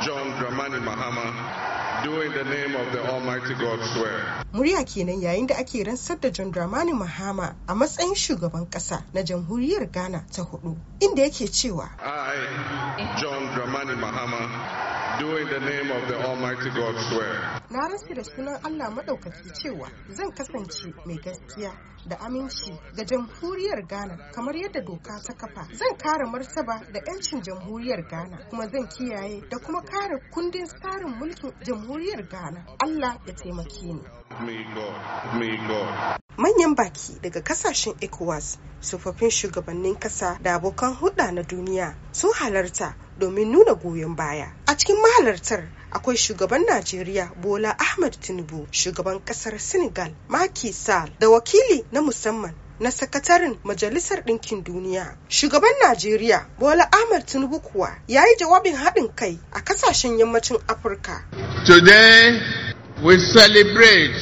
John Dramani Mahama do the name of the Almighty God swear. Murya kenan yayin da ake rantsar da John Dramani Mahama a matsayin shugaban kasa na jamhuriyar Ghana ta hudu inda yake cewa I John Dramani Mahama do the name of the Almighty God swear. Na rasu da sunan Allah madaukaki cewa zan kasance mai gaskiya da aminci ga jamhuriyar Ghana kamar yadda doka ta kafa. Zan kare martaba da 'yancin jamhuriyar Ghana kuma zan kiyaye da kuma kare kundin tsarin mulkin jamhuriyar Ghana. Allah ya taimake ni. Manyan baki daga kasashen ECOWAS, tsofaffin shugabannin kasa da abokan hulɗa na duniya sun halarta domin nuna goyon baya A cikin mahalartar akwai shugaban Najeriya Bola Ahmed Tinubu, shugaban kasar Senegal Macky Sall da wakili na musamman na sakataren Majalisar Ɗinkin Duniya. Shugaban Najeriya Bola Ahmed Tinubu kuwa ya yi jawabin haɗin kai a kasashen yammacin Afirka. Today we celebrate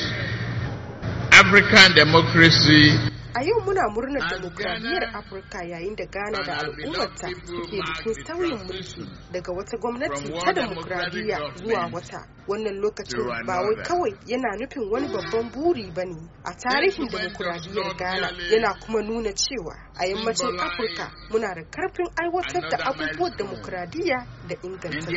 African democracy A yau muna murnar demokradiyyar Afirka yayin da Ghana da al'ummarta suke bikin sauyin mulki daga wata gwamnati ta demokradiyya zuwa wata. Wannan lokacin ba wai kawai yana nufin wani babban buri ba ne a tarihin demokradiyyar Ghana yana kuma nuna cewa a yammacin Afirka muna da karfin aiwatar da abubuwan demokradiyya da inganta.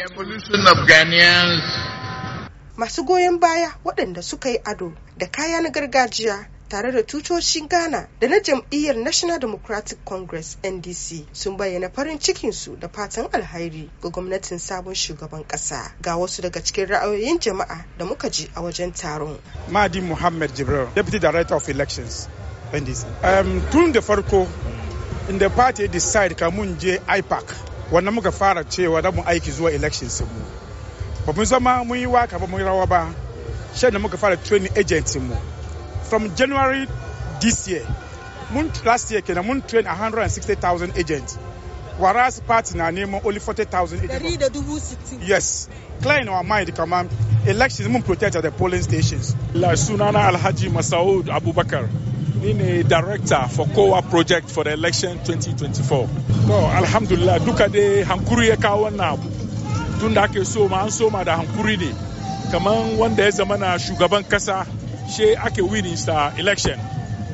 Masu goyon baya waɗanda suka yi ado da kaya na gargajiya tare da tutocin Ghana da na jam'iyyar National Democratic Congress NDC sun bayyana farin cikinsu da fatan alhairi ga gwamnatin sabon shugaban kasa Ga wasu daga cikin ra'ayoyin jama'a da muka ji a wajen taron. Mahdi Muhammad Jibril, Deputy Director of Elections, NDC. Um, tun da farko, in the party decide ka mun je IPAC, wannan muka fara cewa da mu aiki zuwa elections mu. Ba mu zama mun yi waka ba mun rawa ba, shan da muka fara training agents mu. From January this year, last year, Kenya Moon trained 160,000 agents. Whereas partner in our name only 40,000 agents. Yes. Clear in our mind, come on. Elections moon protect at the polling stations. La Sunana Alhaji Masoud Abubakar. a director for kowa project for the election 2024 to alhamdulillah duka dai hankuri ya kawo Tunda keso tun so ma soma da hankuri ne kamar wanda ya zama kasa she ake in sa election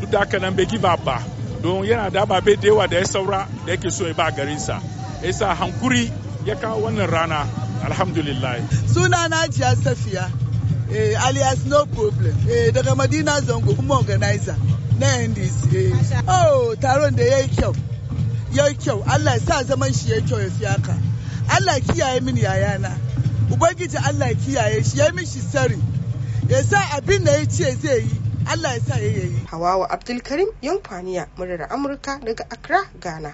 duk da haka nan bai give up ba don yana da ba bai yawa da ya saura da yake so ya ba garinsa yasa hankuri ya kawo wannan rana alhamdulillah suna na jiya safiya eh, alias no problem eh, daga madina zango kuma organizer na ndc oh taron da yayi kyau yayi kyau allah sa zaman shi ya kyau ya fi haka allah kiyaye mini yayana ubangiji allah kiyaye shi ya mishi sari ya sa abin da ya ce zai yi Allah ya sa ya yi. Hawawa Abdulkarim Yankwaniya murar Amurka daga Accra, Ghana.